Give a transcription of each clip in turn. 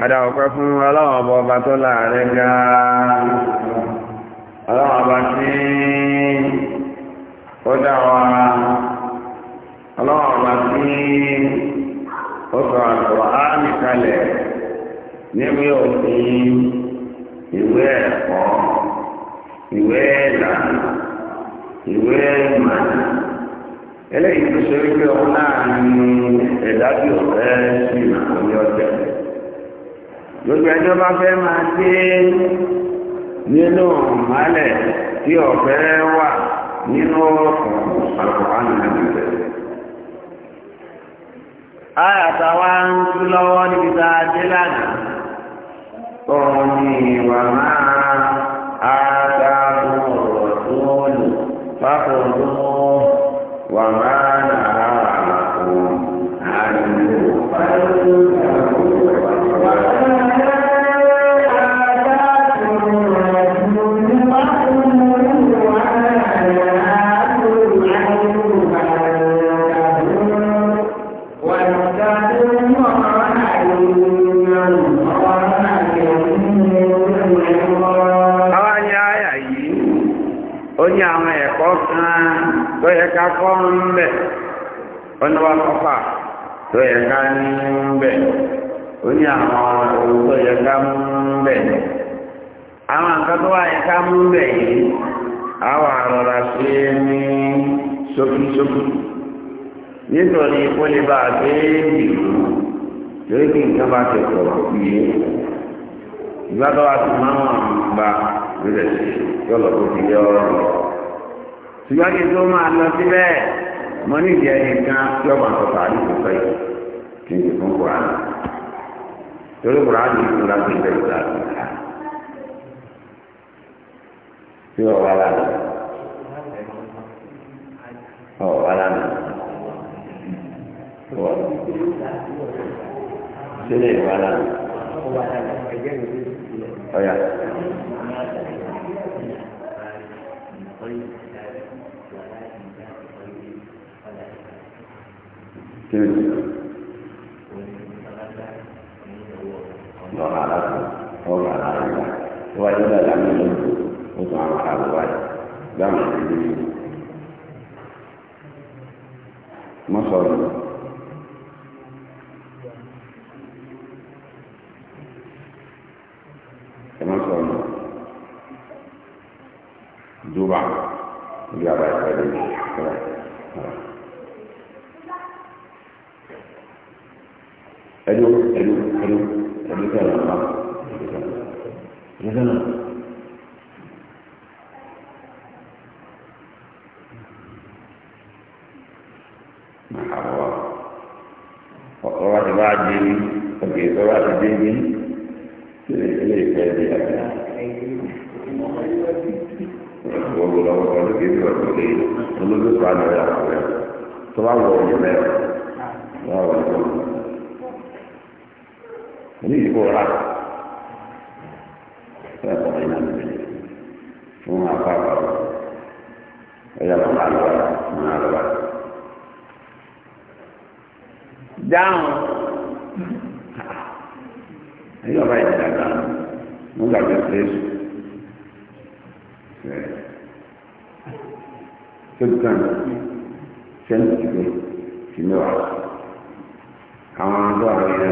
Adá fún ọlọ́wọ̀n ọba ọba tó láàrin gáà. Ọlọ́wọ̀n ọba tí ó dá wa. ọba tí ó sọ àtọ̀ áàmì kalẹ̀ òfin ìwé ẹ̀kọ́, ìwé ẹ̀dà ìwé Eléyìí tó ṣe wípé ọ̀hún ní gbogbo ẹjọ́ bá fẹ́ máa dé nínú mọ́lẹ̀ tí ọ̀fẹ́ wà nínú ọkọ̀ àlùkòránì náà bẹ̀rẹ̀. kakọ́ ń bẹ̀ ọ̀nà wa kọ́fà tó yẹ ká ní ń bẹ̀ ó ní àwọn ohun tó yẹ ká mú ń bẹ̀ àwọn nǹkan tó wà yẹ ká mú ń bẹ̀ yìí àwọn àrọ̀rà sí ní ṣókíṣókí nítorí kó lè bá a dé ìlú lórí kí nǹkan bá ti pọ̀ yìí ìgbàgbọ́ wa ti máa ń wà sí yọ̀lọ̀ tó fi yọ ọ́ rẹ̀ ṣùgbọ́n kí n tó máa lọ síbẹ̀ mo ní ìdí ẹni kan tí ọba ń sọ̀tà àdúgbò sọ yìí kí n sì fún kùránì torí kùránì ìlú láti ìbẹ̀rù láti ìhà tí ọba lánàá ọba lánàá sílẹ̀ ìwà lánàá ọ̀yà. kiri lọ́nà aláàbò ọ̀gá aláàbò wá nígbà ẹ̀dùn ẹ̀dùn ẹ̀dùn ẹ̀dùn tẹ̀ lọ bá ẹ̀dùn tẹ̀ lọ. ọ̀rọ̀ ti bá dé ní òkè ọ̀rọ̀ ti dé ní ilé ìfẹ́ di àgbà. gbogbo lọ́wọ́ ọdún kìí sọ̀rọ̀ tó lé olóògbé tó àná ẹ̀ àkọ́rẹ́ tó bá wọ ọ̀yẹ́ mẹ́rin wọ́n wọ̀ ọ́ ní ìdìbò ẹ̀kọ́ iná nìyẹn fún àpapọ̀ ẹ̀yà màmá lọ́wọ́ màmá lọ́wọ́. dáhùn ẹ̀yà ọba ìdílé dáhùn mo gbàgbé pẹ́ẹ́sì sẹ́dùkàn sẹ́dùkàn sí mẹ́wàá àwọn àjọ àwọn ẹ̀yà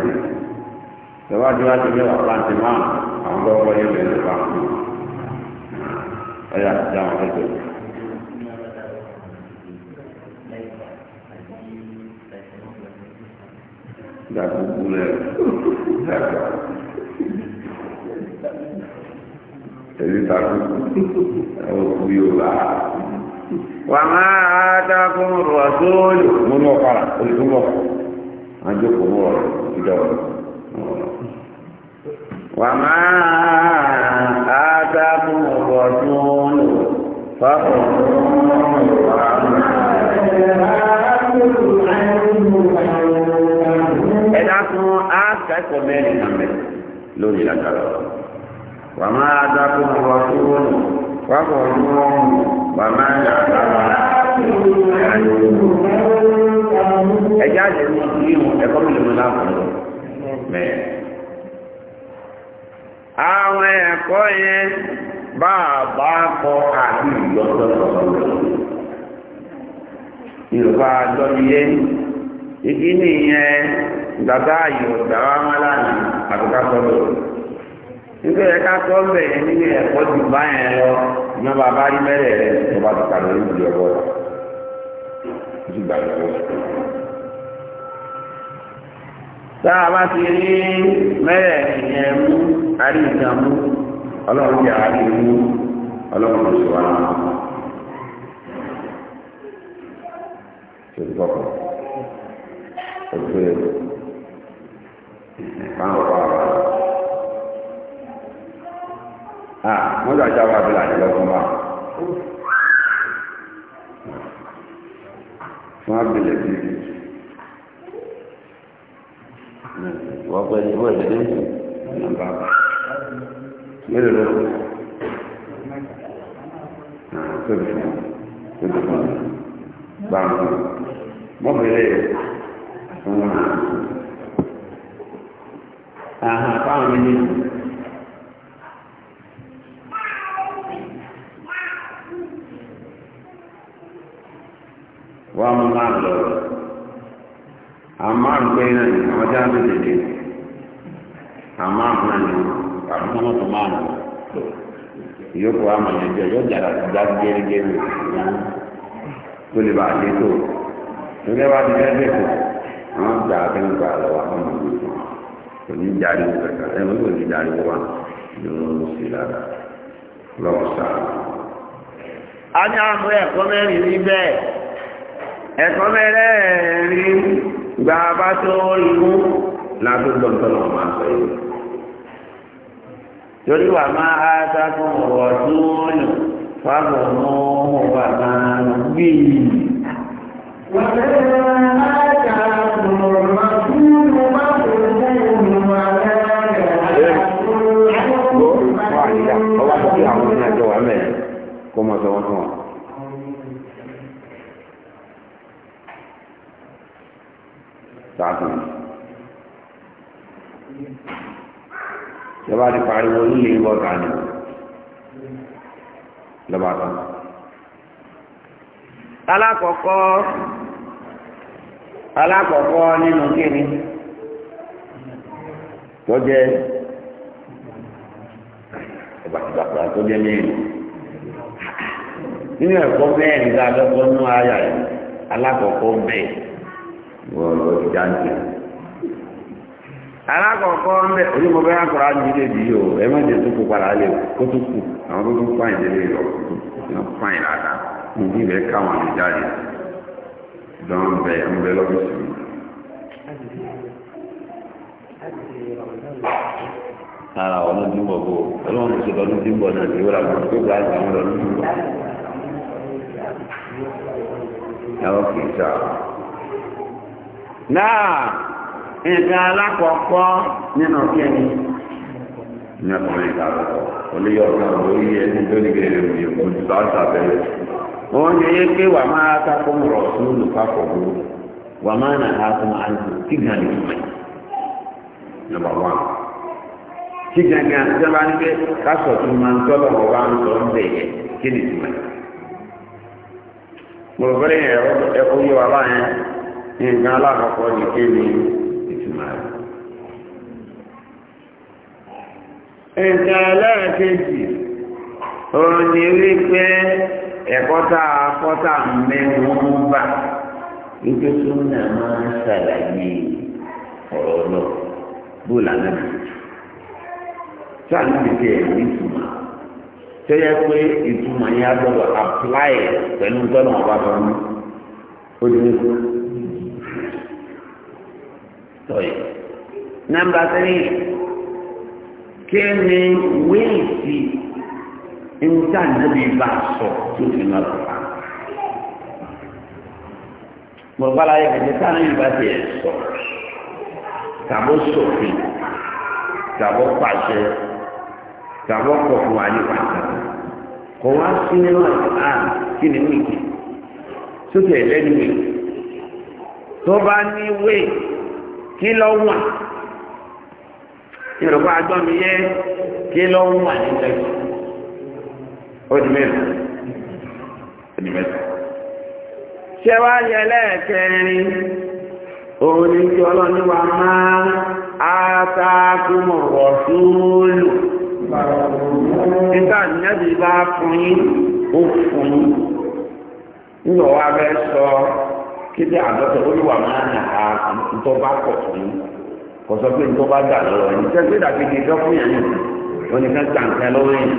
ìwádìí wá ti mẹ́wàá pàǹtí máa àwọn tó wọlé ìlú ẹ̀rọ pàǹtí ọ̀yà ìjà wọn lẹ́gbẹ̀ẹ́. Dàgbùgbù rẹ̀ dàgbà. Èyí tàbí ẹ̀wọ̀n kú yóò bá a. Wà máa àtàkùn rọ̀ sóòlù. Mo ní ọ̀pára, olùkọ́ Àjọpọ̀ mọ̀ ọ̀rọ̀ ìjọba wàmà àtàkùn ọ̀dún fọ́kùnrin wàmà ẹ̀dá tún akẹ́kọ̀ọ́ mẹ́rin nàmẹ́ lórí ìlàkàrà wàmà àtàkùn ọ̀dún fọ́kùnrin wàmà àtàkùn ẹ̀dá tún ẹ̀kọ́ mẹ́rin nàmẹ́ kọ́ yẹn bá a bá kọ́ àbí ìlọ́sọ̀rọ̀ yorùbá àjọyọ̀ yẹn igi nìyẹn gbàgbá yorùbá wa wọn lánàá àbúkà sọ̀rọ̀ nígbà yẹn ká sọ bẹ̀ yẹn nínú ẹ̀kọ́ ju báyẹn lọ ìyọ́n bá bá rí mẹ́rẹ̀ rẹ̀ tó bá tó kalẹ̀ ní ìdílé ọkọ̀ ju gbà lọ́wọ́. tá a bá ti rí mẹ́rẹ̀ yẹn mú àrí ìdààmú. ọlọ́run jẹ́ àárín ọlọ́run ló ṣe wọ́n wa bí lọ́gbọ́n fún wọ́n pẹ́ ìdílé mélòó ló kù ah, tóbi fún gbàǹgbà àhàn fáwọn wọ́n mú máa lọ àmọ́ àgbẹ̀yìn náà ni lè dé àmọ́ àgbẹ̀yìn náà àbí wọn tó máa nù ìyókù amọ̀lẹ́jọ yóò jára dá gẹ́gẹ́rẹ́ tó lè bá a lé tó nígbà wá ti fẹ́ dẹ́kọ̀ àwọn gbà fẹ́ gbà lọ́wọ́ àwọn ọmọ mi kò ní jáde wọ kẹta ẹ mọ̀ kò ní jáde wọ wọn ló ń lára lọ́wọ́ sáà. a ní àwọn ọmọ ẹ̀kọ́ mẹ́rin ní bẹ́ẹ̀ ẹ̀kọ́ mẹ́rẹ̀ẹ̀rin gbà bá tó ìmú látó gbọ́ntọ́ náà máa sọ yìí torí wà máa á sákùn ọ̀rọ̀ tó lò fáwọn ọmọ ọba gbé yìí. wọ́n fẹ́ẹ́ ìjọba dị pariwo nílé bọ́ta ni lọ́ba tán. alákọ̀ọ́kọ́ alákọ̀ọ́kọ́ nínú kíni tó jẹ́ ìgbàgbà tó jẹ́ mẹ́rin nínú ala ń bẹ̀ onímọ̀bẹ́ akọ̀rọ̀ àjílẹ̀ bí yóò ẹ̀mọ́ ìdè tó kó padà lè kó tó kù àwọn tó tún fáìn délé lọ tó fáìn dáadáa níbi ìbẹ̀ káwọn àmì jáde dán bẹ ń bẹ mi. ara ọ̀nà dúnbọ̀ bò nǹkan alákọ̀ọ́kọ́ nínú kẹ́ni ní ọkùnrin ìdàrọ̀ olóyè ọ̀gbọ́n ẹni tó ní ìtumà rẹ̀. ẹ̀ka aláàkejì òun ni ẹ̀kọ́ta akọ́ta mẹ́rin ń bà wípé máa ń ṣàlàyé ọ̀rọ̀ lọ bóòlù àlàyé sáà níbi tí ẹ̀ ní ìtumà tẹ́yẹ pé ìtumọ̀ yẹn á gbọ́dọ̀ apply pẹ̀lú tọ́yì nọ́mbà tírí kí ni wíìsì níta níbi bá sọ tó fi máa lọ pa gbọ̀ngbà láyé kẹ̀kẹ́ tá níbi bá ti ẹ̀ sọ tàbó sòfin tàbó pàṣẹ tàbó kọ̀ fún wa ní pàtàkì kò wá sí nínú àá kí ni wíìkì sókè lẹ́nu wíìkì tó bá ní wíìkì kí lọ wà yorùbá agbọ́mi yẹ kí lọ wà nígbà yìí ó di mẹ́rin ó di mẹ́rin ṣé wá yẹ lẹ́ẹ̀kẹrin òun ọlọ́ni wa máa átákùmọ̀ wọ̀ súnmọ́lù nígbà bá fún yín ó fún yín ń lọ wá bẹ́ sọ títí àdọ́tọ̀ olúwa máa nà á ntọ́ bá pọ̀ fún yín kò sọ pé ntọ́ bá gbà lọ́wọ́ yín tẹ́ gbé dàgbéjì ẹjọ́ fún yẹn yìí wọ́n ní ká gbà nǹkan lọ́wọ́ yín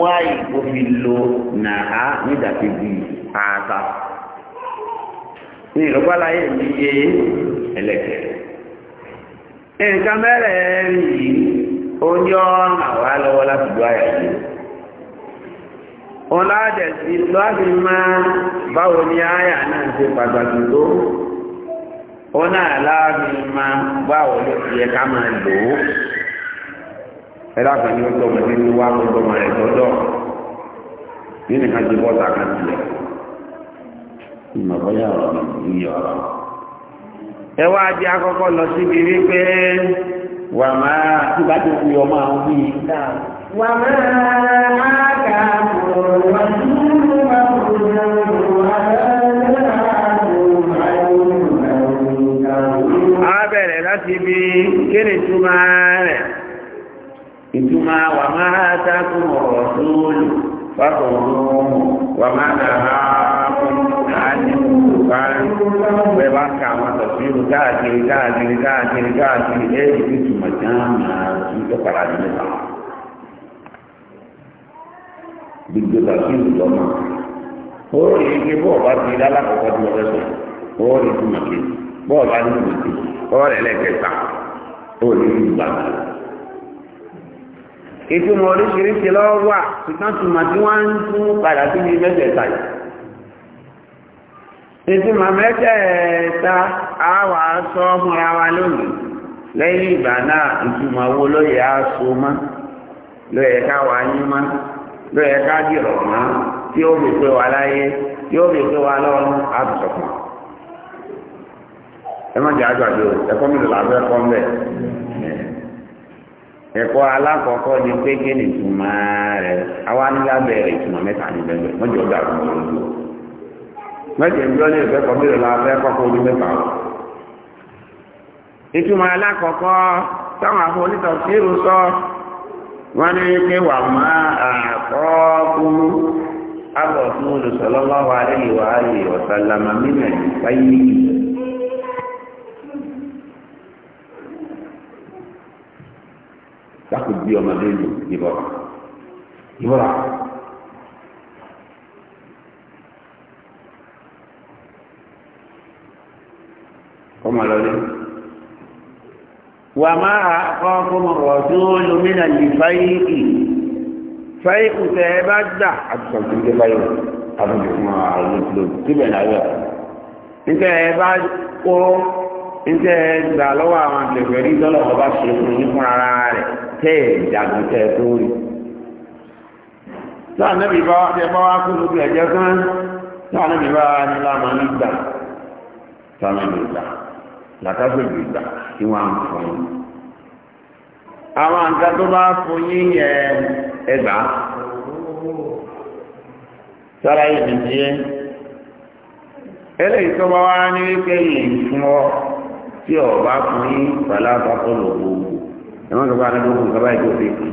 wáyé kó fi lo nà á ní dàgbéjì ààta ní ìrọ̀gbálayé mi yé ẹlẹ́kẹ̀. nǹkan mẹ́rẹ̀ẹ́rin yìí ó ní ọ̀ràn àwa láti gbọ́ àyà ọládẹ̀ sí lọ́àbí máa báwo ni àyà náà ṣe pàtàkì tó ọ̀nà aláàbí máa báwo ló ti yẹ ká máa lò ó ẹlẹ́gbẹ̀ẹ́ ni ó tọ́ ní wá gbogbo ọmọ rẹ̀ tọ́jọ́ nínú kan ti bọ́ta kan tiẹ̀ ìmọ̀bọ́yà ọ̀rọ̀ ìyọ̀ ọ̀rọ̀ ẹ wá di akọ́kọ́ lọ síbi wípé wà máa tí bá ti fi ọmọ àwọn bíi dáa kíni ìtumá rẹ̀ ìtumá wà máa tákùn ọ̀rọ̀ lóòlù fákọ̀ọ̀lọ́wọ́ wà máa nà á fún ààyè ìbárí pẹ̀ bá ka àwọn àtọ̀síru káàkiri káàkiri káàkiri káàkiri lẹ́yìn ìtumọ̀ tí wọ́n máa tún tó gbígbé bàbí ìlú ọmọ ó rí ike bọ́ọ̀ ti rí alákọ̀ọ́kọ́ tí mo sọ ó ikú màkì ní ìtumọ̀ oríṣiríṣi lọ́wọ́ wà ṣùgbọ́n wọ́n ń tún padà sí ní mẹ́tẹ̀ẹ̀ta yìí. wa lónìí lẹ́yìn ìgbà náà ìtumọ̀ mọ́ lóye ká jìrọ̀ tí ó lè pé láyé tí ó lè pé wa lọ́rùn àbùsọ̀kùn. ẹ má jẹ́ àjọ ẹ̀kọ́ mi lò lábẹ́ ẹ̀kọ́ mbẹ́. ẹ̀kọ́ alákọ̀ọ́kọ́ ni pé kí ni ìtumọ̀ rẹ̀ àwa ní lábẹ́ ìtumọ̀ mẹ́ta ní bẹ́ẹ̀ lójú. mẹ́jẹ̀ ń ìfẹ́kọ̀ mi lò wọ́n ní pé wà máa àkọ́kún abọ̀tún olùsọ̀lọ́wọ́ àríwá àríwá ọ̀sálàmà nínú ìfáyé dákò bí ọmọdé lò ìbọ̀rà ọmọ wà máa àkọ́kùnmọ̀ rọ̀dúnlù mínà lè fáyíkì fáyíkù tẹ́ ẹ bá gbà àtúnṣe tó báyọ̀ àtúnṣe fún àwọn ìlú síbẹ̀ láyọ̀ níta ẹ bá kó níta ẹ gbà lọ́wọ́ àwọn àgbẹ̀gbẹ̀ rí lọ́lọ́ ọba ṣe fún yín fún ara rẹ̀ tẹ́ ẹ dàgbọ́n tẹ́ ẹ tó rí. láà níbi bá wá bá wá kó gbogbo ẹ̀jẹ̀ kan láà níbi bá wá ní láàmú ní gbà sáà làtàgbègbè ìgbà tí wọ́n ń fún un àwọn nǹkan tó bá fún yín yẹn ẹgbà sára yìí nìyẹn eléyìí tó bá wá ní wípé yìí fún ọ tí ọba fún yín pẹ̀lú àpapọ̀ lòwò ẹ̀wọ̀n tó bá ní gbogbo nǹkan báyìí tó fi kì í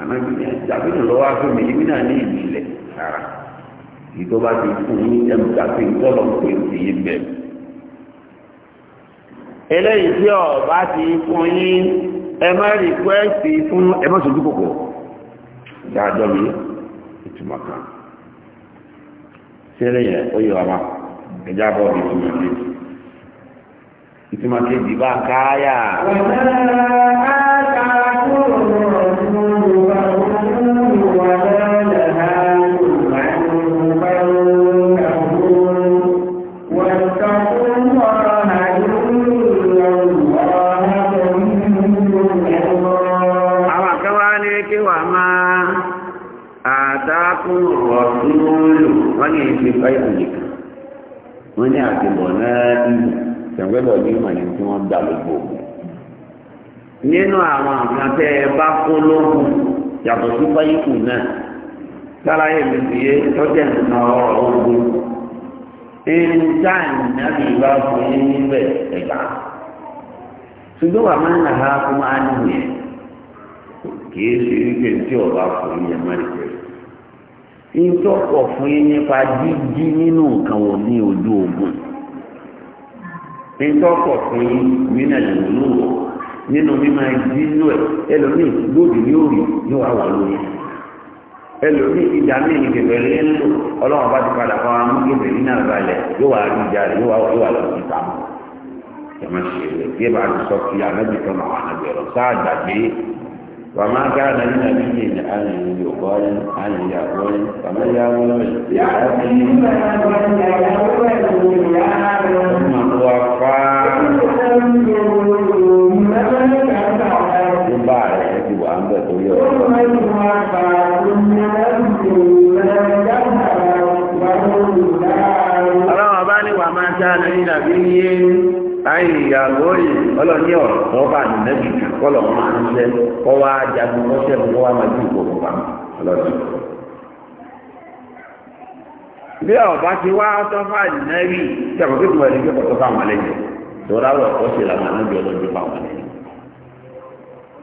àmọ́ ìgbìyànjú tàbí lọ́wọ́ fún mi náà ní ìbílẹ̀ sára ìjọba ti fún yín ẹ̀mú tàbí ìtọ́lọ̀ pé ti yín eléyìí tí bá ti fún yí ẹ má rìkwẹ́sì fún ẹ má kòkò mi ìtumọ̀ kan ṣé eléyìí ó yọ ọba ẹjá bọ́ bí ìtumọ̀ mi ìtumọ̀ kejì bá káyà. ṣe fáìlì nìkan wọ́n ní àtìbọ̀ náà ìlú tẹ̀wẹ́bọ̀ ní ìmọ̀ yẹn tí wọ́n gbà lóko nínú àwọn àmì tẹ́ ẹ bá kó lóhùn yàtọ̀ sí fáyìkù náà sára yẹn mi sì yé tọ́jú ẹ̀ka ọ̀rọ̀ ogun ẹnìjà ìnáàbì bá fún yín níbẹ̀ ẹ̀gbà ṣùgbọ́n wà máa ń nà ha fún ánìyẹn kì í ṣe wípé tí ọba fún yín ẹ̀ má rí pẹ̀lú. ìjọpọ̀ fún yín nípa nínú nǹkan wò ní ojú ogun ìjọpọ̀ fún yín nínú nínú mímọ lóde wà ìjà ní lé ọlọ́run bá ti padà fún ní náà balẹ̀ yóò wá rí ìjà lọ sí ìta mọ́ ṣe bí ẹ وما كان لنبي أن يقال أن يقول فمن يقول ثم توفى Ọlọ́run ọba ní wà máa ń ṣáà lórí ìdàbí yé àìyàwó yìí ọlọ́ni ọ̀rọ̀ bá ní nẹ́bí kọ́lọ̀ máa ń ṣe kọ́ wá jagun mọ́ṣẹ́ mi kọ́ wá máa dìbò bàbá ọlọ́ni. bí ọba ti wá sọ́fà nẹ́bí sẹ́kọ̀ọ́ tó ti wà ní kí ọkọ̀ sọ́fà wọn lẹ́yìn tòun àwọn ọ̀pọ̀ ṣe làwọn àlejò ọlọ́dún fà wọn lẹ́yìn.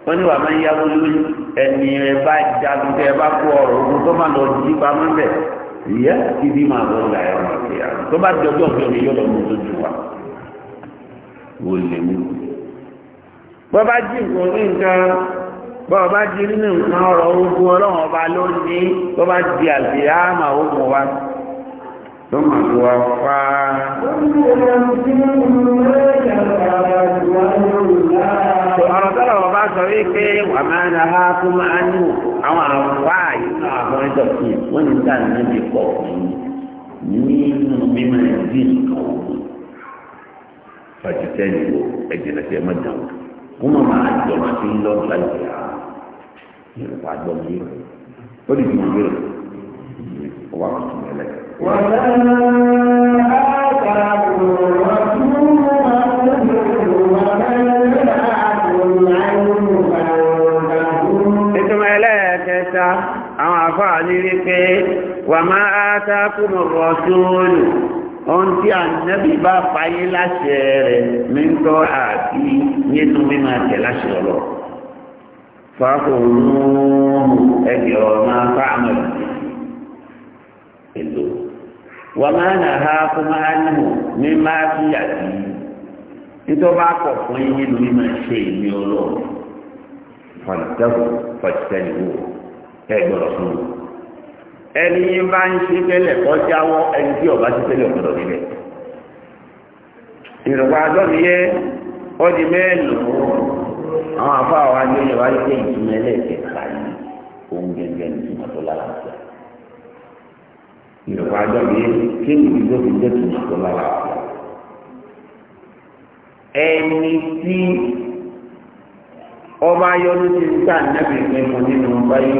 wọ́n ní wàá máa ń yáwó lórí ẹni ẹ bá jagun tẹ ẹ bá kó ọrọ̀ ogun tó máa lọ jí pamọ́ bẹ̀ ìyá ibi máa lọ là ẹ̀rọ àti àrùn tó bá di ọjọ́ òfin òní yóò lọ mú wa. wo lè mú bọ́ bá jí nǹkan nǹkan bọ́ bá jí nínú nǹkan ọ̀rọ̀ ogun ọlọ́run ọba lónìí bọ́ bá di àṣìyá àmà ogun wa tó mà tó wa fá. ọ̀rọ̀ tọ́lọ̀ ọba sọ wípé wà máa ń ha máa ń àwọn àwọn ẹjọ́ kí wọ́n ní pọ̀ nínú fàjìtẹ́ni wo ẹ̀jìnà tí ẹ má dàn kó má má àjọ máa fi ń lọ láì fi hà yẹn ó lè dùn yẹn ó wà kùtù mi lẹ. wàlá àgbàdo ọdún máa ń lò wàlá àgbàdo ọdún ohun tí ànábì bá fàyè láṣẹ rẹ̀ mi ń tọ́ àti nínú mímọ̀ tẹ̀ láṣẹ ọ̀rọ̀ fàkùnrin ẹgbẹ̀ ọ̀nà fáàmù èlò wọ́n máa nà ha fún máa ń mú mi àti nítorí bá kọ̀ fún yín nínú mímọ̀ ṣe ìní ọlọ́run fàtẹ́kù fàtẹ́kù ẹ gbọ́dọ̀ ẹni bá ń ṣe tẹ́lẹ̀ kọ́ jáwọ́ ẹni tí ọba ti tẹ́lẹ̀ ọ̀pọ̀lọ̀ nílẹ̀ ìrọ̀pá àjọ́mi yẹ ó di mẹ́ẹ̀lù àwọn afọ àwọn ajọ́yẹ̀ wáyé pé ìtumọ̀ ẹlẹ́ẹ̀kẹta yìí òun gẹ́gẹ́ ní ìtumọ̀ tó lára àfẹ́ ìrọ̀pá àjọ́mi yẹ kí ni ìdíjọ́ fi jẹ́ ìtumọ̀ tó lára àfẹ́ ẹni tí ọba yọ́nú ti ń tà nẹ́bìnrin fún nínú báyìí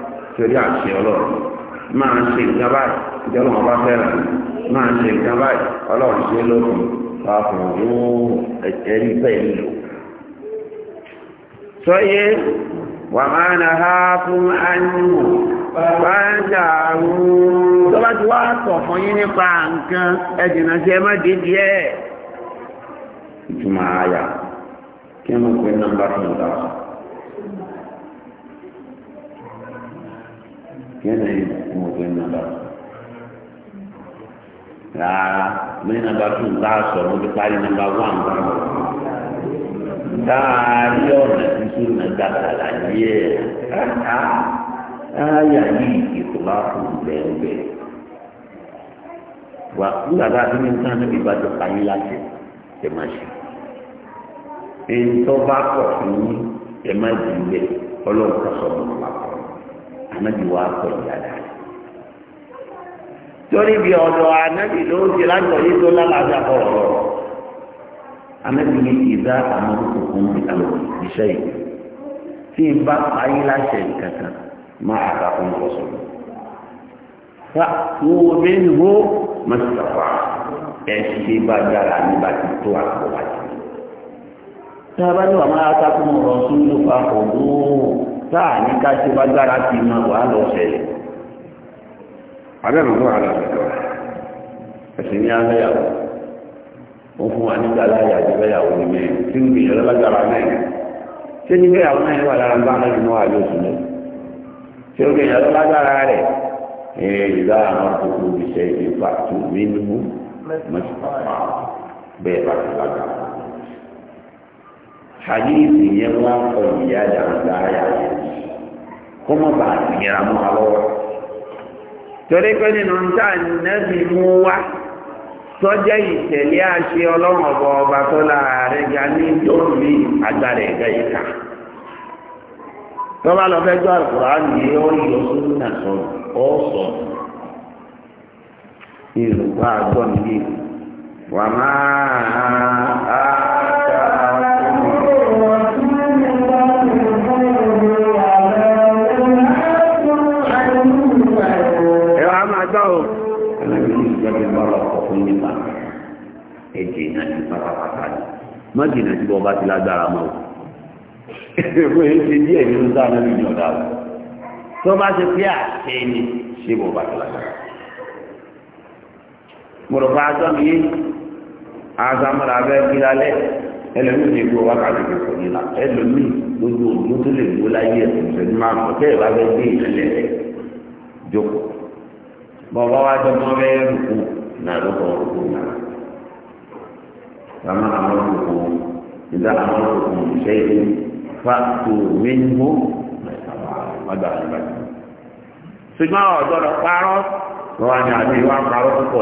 torí àṣẹ ọlọ́run máa ń ṣe nǹkan ìjọba wọn bá fẹ́ràn máa ń ṣe nǹkan báyìí ṣe lókun pàápàá yóò ẹ̀rí bẹ́ẹ̀ nílò. sọ́yé wà máa nà ha fún ánìmù bá ń ti wá sọ fún yín nípa nǹkan ẹ̀jìnà sí ẹ má dé díẹ̀. ìtumọ̀ àyà kí wọ́n pe nọ́mbà fún ìdásọ́. yanayin mutum na ba rárá ní nàbà tó ń bá sọ̀rọ̀ ti parí nàbà wán bá wọn dáàrí ọ̀nà títún náà dábàá láyé ẹ̀ áyà yìí ìtura fún bẹ́ẹ̀ wà nígbà tá a ti ní níbi bá ti láti ẹ̀ máa ṣe èyí tó bá kọ̀ fún yín ẹ̀ má jù bẹ́ẹ̀ ọlọ́run kan sọ̀rọ̀ nípa kọ̀ ànábì wa pẹ̀lú dáadáa torí bí ọ̀dọ̀ ànábì ló ti lájọ yìí tó lálàáfíà bọ̀rọ̀ lọ́rọ̀ ànábì ní ìdá àwọn òkùnkùn àwọn iṣẹ́ yìí tí n bá ayé láṣẹ kankan máa àgbà fún ọ̀sọ̀ fa wo bẹ́ẹ̀ ni wo mọ̀sítàfà ẹ̀ṣin bá dára nígbà tí tó àkọ́wájú. tí a bá ní wàhálà tá a kún ọ̀rọ̀ sínú fa ògbó táà ní ká ṣe bá dára ti mọ wàhálà ọ̀sẹ̀lẹ̀ abẹ́rùn fún àlọ́ ẹ̀sìn ní abẹ́yàwó ó fún wa nígbà láyà àjẹbẹ́yàwó ní mẹ́rin tí ń gbìyànjú lọ́lágbára mẹ́rin ṣé ní bẹ́yàwó náà wà lára ń bá mẹ́rin mọ́ àlọ́ òsùn lọ ṣé ó gbìyànjú lọ́lágbára rẹ̀ ẹ̀ẹ́ ìlà àwọn àkókò ìṣẹ́ ìfà tù mí nínú mẹ́sàn-án bẹ́ẹ̀ bá ti lágbára hadithi yẹn wá kọ ìyá dàgbà ya yẹn kó má bàa tìyẹra mú wa lọ́wọ́. torí pé nínú níta nẹ́bí ní lọ fẹ́ gbọ́ àkùrán yìí ó yọ sórí náà sọ ọ́ ẹ̀jẹ̀ ìnájú pátápátá ni má jìnà tí ọba ti lágbára mọ́ ẹ̀fọ́ yìí ṣe díẹ̀ nínú sáà ní ọ̀dà rẹ̀ tó bá ṣe pé àṣẹ ni ṣé bọ̀ ọba ti lágbára. mo rò pa aṣọ mi yé aṣàmúra abẹ́ kí lálẹ́ ẹlòmíì ní ikú ọba kàdé kò sọ nílà ẹlòmíì gbogbo òdúró tó lè dúró láyé ẹ̀sìn ìṣẹ́jú máa mọ̀ tẹ́ ẹ̀ bá fẹ́ gbé ìrẹ̀lẹ̀ rẹ̀ jókòó bọ̀ bá wá jọ bẹ́ẹ̀ rúkú náà ló kọ́ rúkú náà. فما أمرتكم إذا أمرتكم بشيء فأتوا منه هذا البدء ṣùgbọ́n ọ̀dọ́rọ̀ parọ́ wọ́n ni àti ìwà parọ́ púpọ̀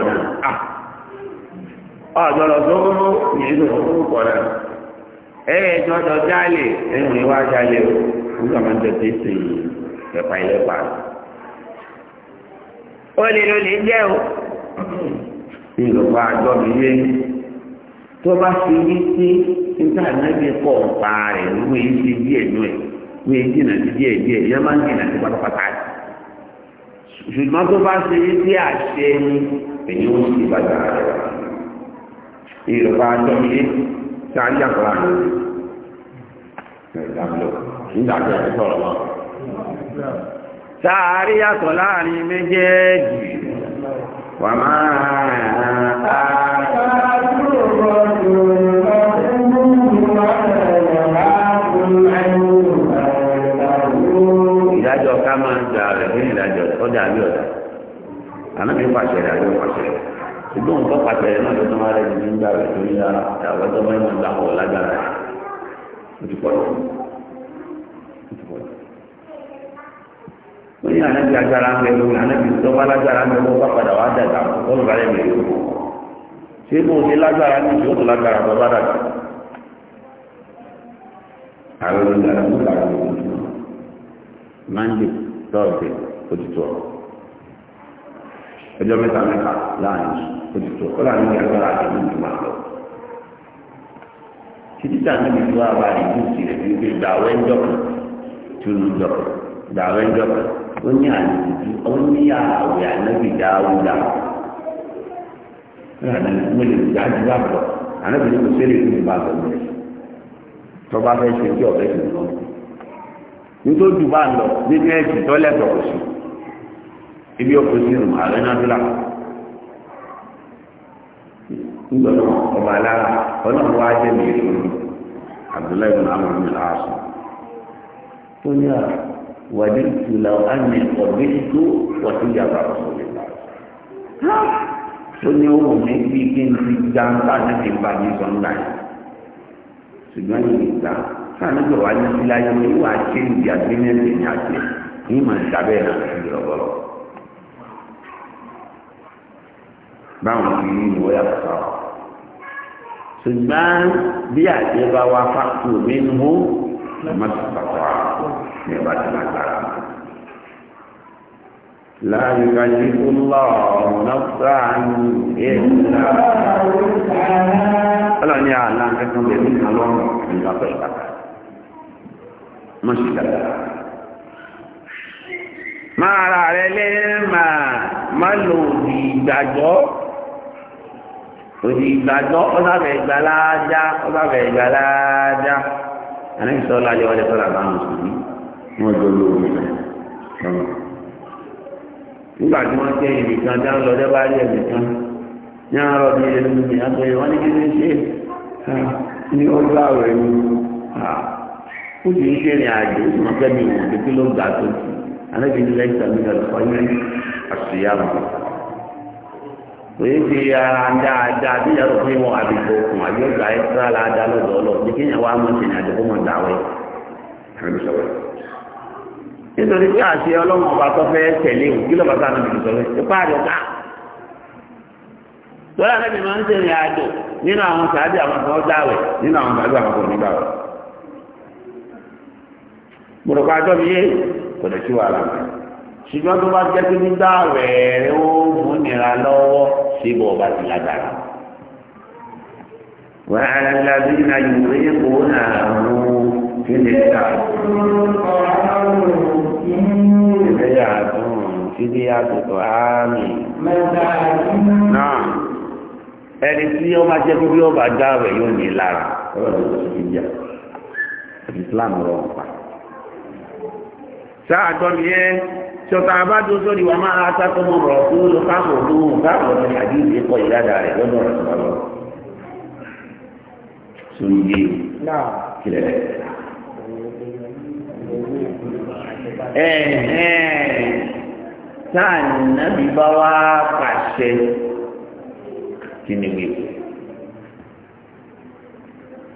o pa tó bá fi yí sí níta ànábì pọ̀ pa rẹ̀ wọ́n yí sí díẹ̀ nù ẹ̀ wọ́n yí jìnnà sí díẹ̀ díẹ̀ na máa ń jìnnà sí pátápátá rẹ̀ ṣùgbọ́n tó bá ṣe yí sí àṣẹ ni èyí ó sì tá a yàgbọ́ra ọjà àbí ọjà ànábi ń pàṣẹ rẹ àbí ń pàṣẹ rẹ ṣùgbọ́n nǹkan pàṣẹ rẹ náà lọ́dún máa rẹ jù ní gbà rẹ torí ara àwọn ọjọ́ bá yẹn gbà wọ̀ lágbára rẹ ó ti pọ̀ jù ó ní ànábi agbára ń bẹ lórí ànábi ìjọba lágbára ń bẹ lórí pápádà wà á dàgbà ọlù bá yẹn mẹ́rin ṣé bó ṣe lágbára ní ìṣòro tó lágbára bọ́ bá dàgbà àwọn olùdarí ń gbà rẹ lórí mande tọ́ọ̀dẹ̀ òtítọ́ ọjọ́ mẹ́ta mẹ́ta láàrin òtítọ́ ó láàrin ní agbára àdúgbò tó máa lọ. títí tá a níbi tó wà wá ìlú tirẹ̀ ní pé dàwẹ́ ń dọ̀kọ̀ tó ń dọ̀kọ̀ dàwẹ́ ń dọ̀kọ̀ ó ní àlùkù ó ní àwẹ̀ ànábì dáwúdà mo lè gbà jù bá bọ̀ ànábì ní kò sẹ́lẹ̀ tó ń bá bọ̀ mọ́ tọ́ba fẹ́ ṣe kí ọ̀bẹ tó ń lọ nítorí jù bá ń lọ nínú ẹ̀sìn tọ́lẹ̀ tọ̀ kò sí ibi ọkọ̀ sí ìrùn ààrẹ náà dúlà nígbà náà ọba alára ọlọ́run wá jẹ́ mi ìrùn abdullahi bin amr bin al-aṣọ tó ní à wàdí ìtura àmì ọ̀gbẹ́ tó wàtí yàrá ọ̀sọ̀ lè bá tó ní òun mi bí kí n ti gbà ń bá ní ti bá ní sọ́ńdà yìí ṣùgbọ́n yìí gbà sáà nígbà wà ní síláyé ní wàá ìdí àgbẹ̀mẹ̀tẹ̀ ní àgbẹ̀ ní màá dábẹ́ náà báwọn fi ní ìwọ yàtọ̀ sáwọn. ṣùgbọ́n bí àti bá wá fákú mi ń mú lọ́mọ́tàpàpà ní ẹ̀bá tí wọ́n gbára. láàyè kájí fún lọ́ọ̀rùn lọ́sà ní ìlà. ọlọ́ni àlá kẹ́kọ̀ọ́ bẹ̀rẹ̀ ní kan lọ́rùn nígbà pẹ̀lú kàkà. mọ́ṣíkà máa ra rẹ lẹ́yìn máa má lò ìgbàgbọ́ òsì ìgbàgbọ́ ọ̀sàfẹ́ ìgbàláàjá ọ̀sàfẹ́ ìgbàláàjá àníbi sọ́lá yọ ọdẹ sọ́lá bá wọn sùn ní wọ́n jọ lóòrùn rẹ̀ nígbà tí wọ́n tẹ́ ìrì kan tí wọ́n lọ dé bá rí ẹ̀mí kan ní àárọ̀ bí ẹni mi àtọ́ yẹn wọ́n ní kí ní ṣe ní ọjọ́ àwẹ̀ mi ó sì ń ṣe ìrìn àjò ó ìwọ̀n pé kí ló tó àníbi ní èyí ti ara dáadáa bí yàrá òfin wọn àbíkó òkun àbí ọgbà ẹsẹ aláàdá lọ́dọ̀ ọlọ ní kéèyàn wá mọ ìṣẹ̀lẹ̀ àdìgbò mọ ìdáwẹ nítorí pé àṣẹ ọlọ́run ọba tó fẹ́ tẹ̀lé òun kí lọ́ba sáà nàbìkì ká tọ́lá máa ń tẹ̀lé àjò nínú àwọn àwọn kan nínú àwọn àwọn kan àjọ mi yé kò wàhálà ṣùgbọ́n tó bá jẹ́ ó mú nira ṣé bọ̀ ọba ti lágbára. wà á lábí na ìwé kò náà mú kí lè ta. ìfẹ́ yà á tún síbi àtúntò ámì. náà ẹni tí ọba jẹ́ pé ọba dá rẹ̀ yóò ní lára ọlọ́run ló pa. sáà gbọ́ mi yẹn sọ̀tà àbájọ sórí wa máa ta tó mọ̀ rọ̀ tó lọ káàkó tó mọ̀ káàkó ní àdìsí kọ ìyáda rẹ̀ lọ́dọ̀ rẹ̀ tó lọ. Sunjé kílẹ̀ rẹ̀. Táà nàbí bá wá pàṣẹ kí ni wí?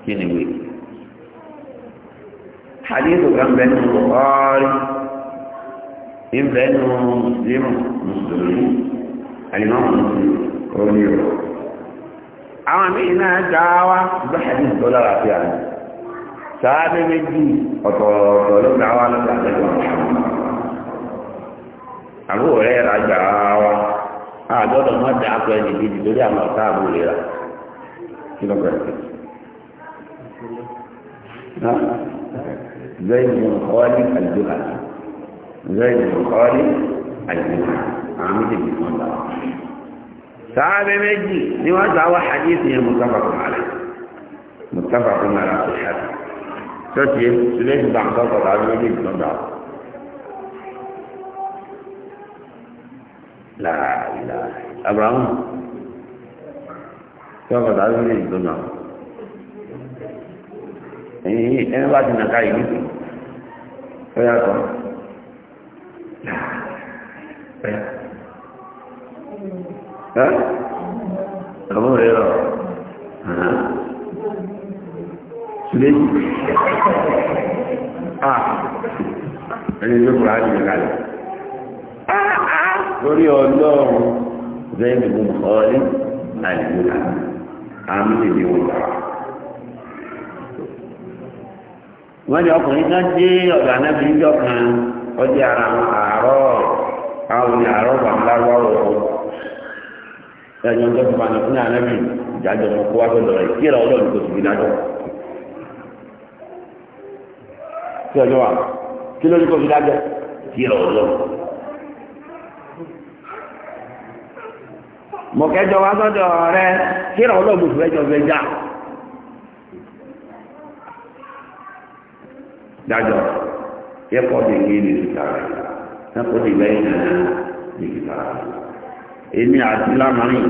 Kí ni wí? Hadith kan bẹ́ẹ̀ ni Bukhari ìbẹ̀ nù límù mùsùlùmí alimọ́mù mùsùlùmí òní rọ̀ àwọn míì náà dáwà gbẹ́hẹ̀dì dọ́là àti àná sáábé méjì ọ̀tọ̀ọ̀tọ̀ ló dáwà lọ́dọ̀ àtẹ́jọ́ àbúrò rẹ̀ rà gbàáwà àgbọ́dọ̀ mọ́ dáa pẹ́ nìkejì lórí àwọn ọ̀tá àbúrò rẹ̀ kí ló bẹ̀rẹ̀ Zayn bin Khalid al-Juhani غير البخاري الجماعة عامل بن صحابة مجي نوزع وحديثه متفق عليه متفق على صحته سوتي سليش بن صوت على مجي بن لا إله إلا أبراهيم صوت على مجي بن ẹni bá ti nàka ìlú ó yàtọ̀ àbọ̀ rẹ̀ rọ̀ ẹni tó kùrà ní ìkàlẹ̀ lórí ọlọ́run zẹ́ẹ̀dì mú ọlẹ́ àìlúkà àmì lè wọ́n wọ́n ní ọkùnrin kan dé ọ̀dọ̀ anábìrin jọ kan ọjọ́ ara àárọ̀ àwọn ní àárọ̀ wà láwárọ̀ ọ̀rọ̀ ẹ̀yọ́ ọjọ́ fún bani fún ànábì ìdájọ́ ọmọ kó wá sọ́dọ̀ rẹ̀ kí ẹ̀rọ ọlọ́run kò sì fi dájọ́ kí ọjọ́ wà kí ló ní kò fi dájọ́ kí ẹ̀rọ ọlọ́run. mọ̀kẹ́jọ wá sọ́dọ̀ rẹ̀ kí ẹ̀rọ ọlọ́run kò sì fẹ́ já. dájọ́ yẹ́kọ̀ọ́dì ní ní kìtàrà yẹ́kọ̀ọ́dì lẹ́yìn ní kìtàrà èmi àti lámàrin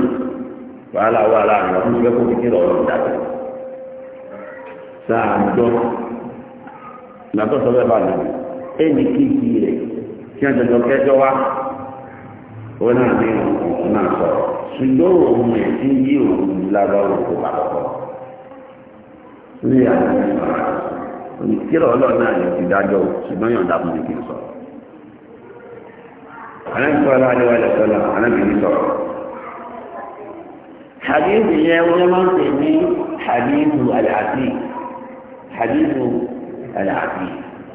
wàhálà wà láàrin ọdún tó kọ́ kékeré ọ̀rọ̀ dàbẹ̀ sáà gbọ́ ìgbàgbọ́ sọ bẹ́ẹ̀ bá lọ ẹnì kejì rẹ̀ tí wọ́n jọjọ kẹjọ wá ó náà ní òun náà sọ ṣùgbọ́n òun ẹ̀ tí ń yí òun lágbára òkú àkọ́kọ́ ní àwọn ìgbà kílọ̀ ọlọ́run náà yóò ti dájọ́ ṣùgbọ́n yóò dábò ní kí n sọ. aláǹkọ́ aláàdéwà lẹ́sọ̀lá aláǹkìní sọ̀rọ̀. hadithu yẹn wọ́n máa ń pè ní hadithu aláàbí hadithu aláàbí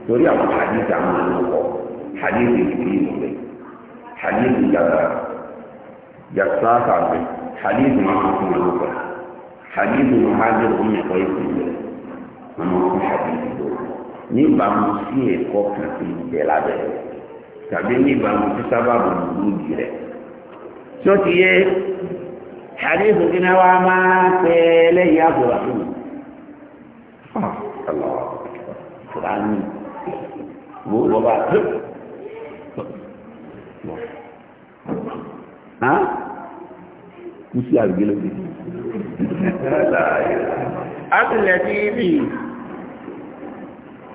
torí àwọn hadithu àwọn àlọ́kọ̀ hadithu ìdílé ìlúwẹ̀ hadithu yàrá yàtọ̀ àkàbẹ̀ hadithu máa ń fún àlọ́kọ̀ hadithu muhajir ọmọ ẹ̀kọ́ ìpínlẹ̀. wọn mọ níbàámu sí ẹ̀kọ́ kan tí lábẹ́ tàbí níbàámu sí sábàbù lùdì rẹ̀ tí ó ti yé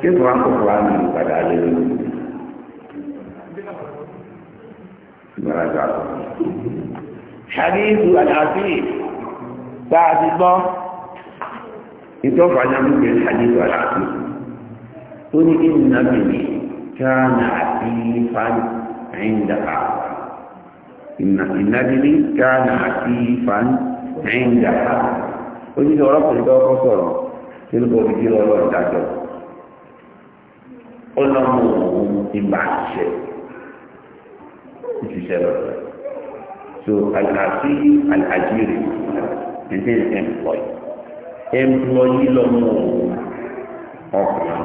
kí ètò àkókò àmì ìpadà ayé ló ń gbàdájọ́ àkókò. Ṣàdíìsù àlàáfíì tá a ti gbọ́ ìtọ́fà náà ń pè ṣàdíìsù àlàáfíì. Ó ní kí nínú abìlì káàna àti fáàlì àyíǹda àwọn. Ìnàbìlì káàna àti fáàlì àyíǹda àwọn. Ó ní sọ̀rọ̀ pẹ̀lú ọkọ̀ sọ̀rọ̀ tí ó lọ́kọ̀ kí lọ́wọ́ ìdájọ́ ọlọ́mọ òun ìgbà àṣẹ ìṣiṣẹ́ lọ́dọ̀ so àti àjíire ẹni ẹ̀mplọ́yì ẹ̀mplọ́yì lọ́mọ òun ọkùnrin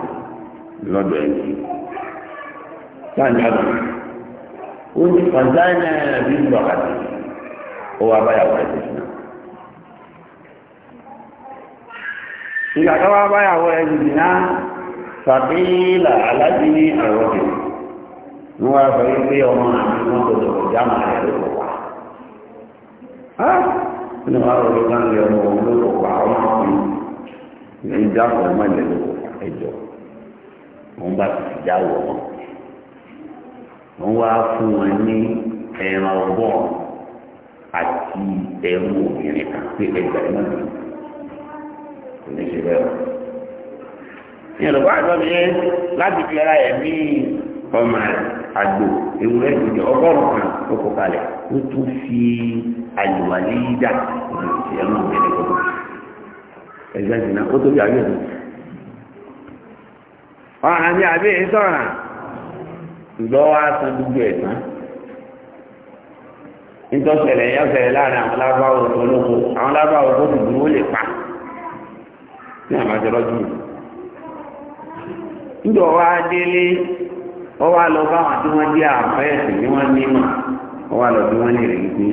lọ́dọ̀ ẹni sáńdà lọ́dọ̀ ó ní kọ̀ńtánà bí ń bọ̀ àti ó wá báyàwó ẹ̀ tẹ̀sán. ìgbà tó wá báyàwó ẹ̀ tẹ̀sán fàbílà alájí ní àwọn ọ̀dẹ̀ wọ́n wá sọ wípé ọmọ àmì wọn kò tọ̀rọ̀ jáàmà rẹ̀ ló kọ̀ wá. á nínú wa rọ̀ ló bá ń lé ọmọ òun ló kọ̀ wá ọmọ òun ní ìjáàmù ọmọ ilẹ̀ ló kọ̀ wá ẹjọ́ òun bá ti já wọ̀ wọn. wọ́n wá fún wọn ní ẹran ọgbọ́n àti ẹrú obìnrin kan pé ẹgbẹ̀rún náà kò ní ṣe bẹ́ẹ̀ ìrọ̀bá àjọ́bí yẹ láti fi ara ẹ̀mí ọmọ àgbò ewúrẹ́ ìjọ ọgọ́rùn kan ó kó kalẹ̀ ó tún fi àyèwà lídà ìyẹn náà bẹ̀rẹ̀ gbogbo ẹgbẹ́ ìdìnnà ó tóbi àgbẹ̀ tó. ọ̀hán ni àbí èyí sọ̀rọ̀ ìgbọ́ wa san gbogbo ẹ̀ tán nítọ́sẹ̀lẹ̀ yẹn ọ̀sẹ̀lẹ̀ láàrin àwọn lábáwò tó lóko àwọn lábáwò tó dùn ó lè pa ní àmàjọ́rọ́jú yìí ńdọ̀ wá délé wọ́n wá lọ báwọn tí wọ́n jẹ́ àfẹ́ẹ̀sì tí wọ́n ní mà wọ́n wá lọ bí wọ́n lè rí pé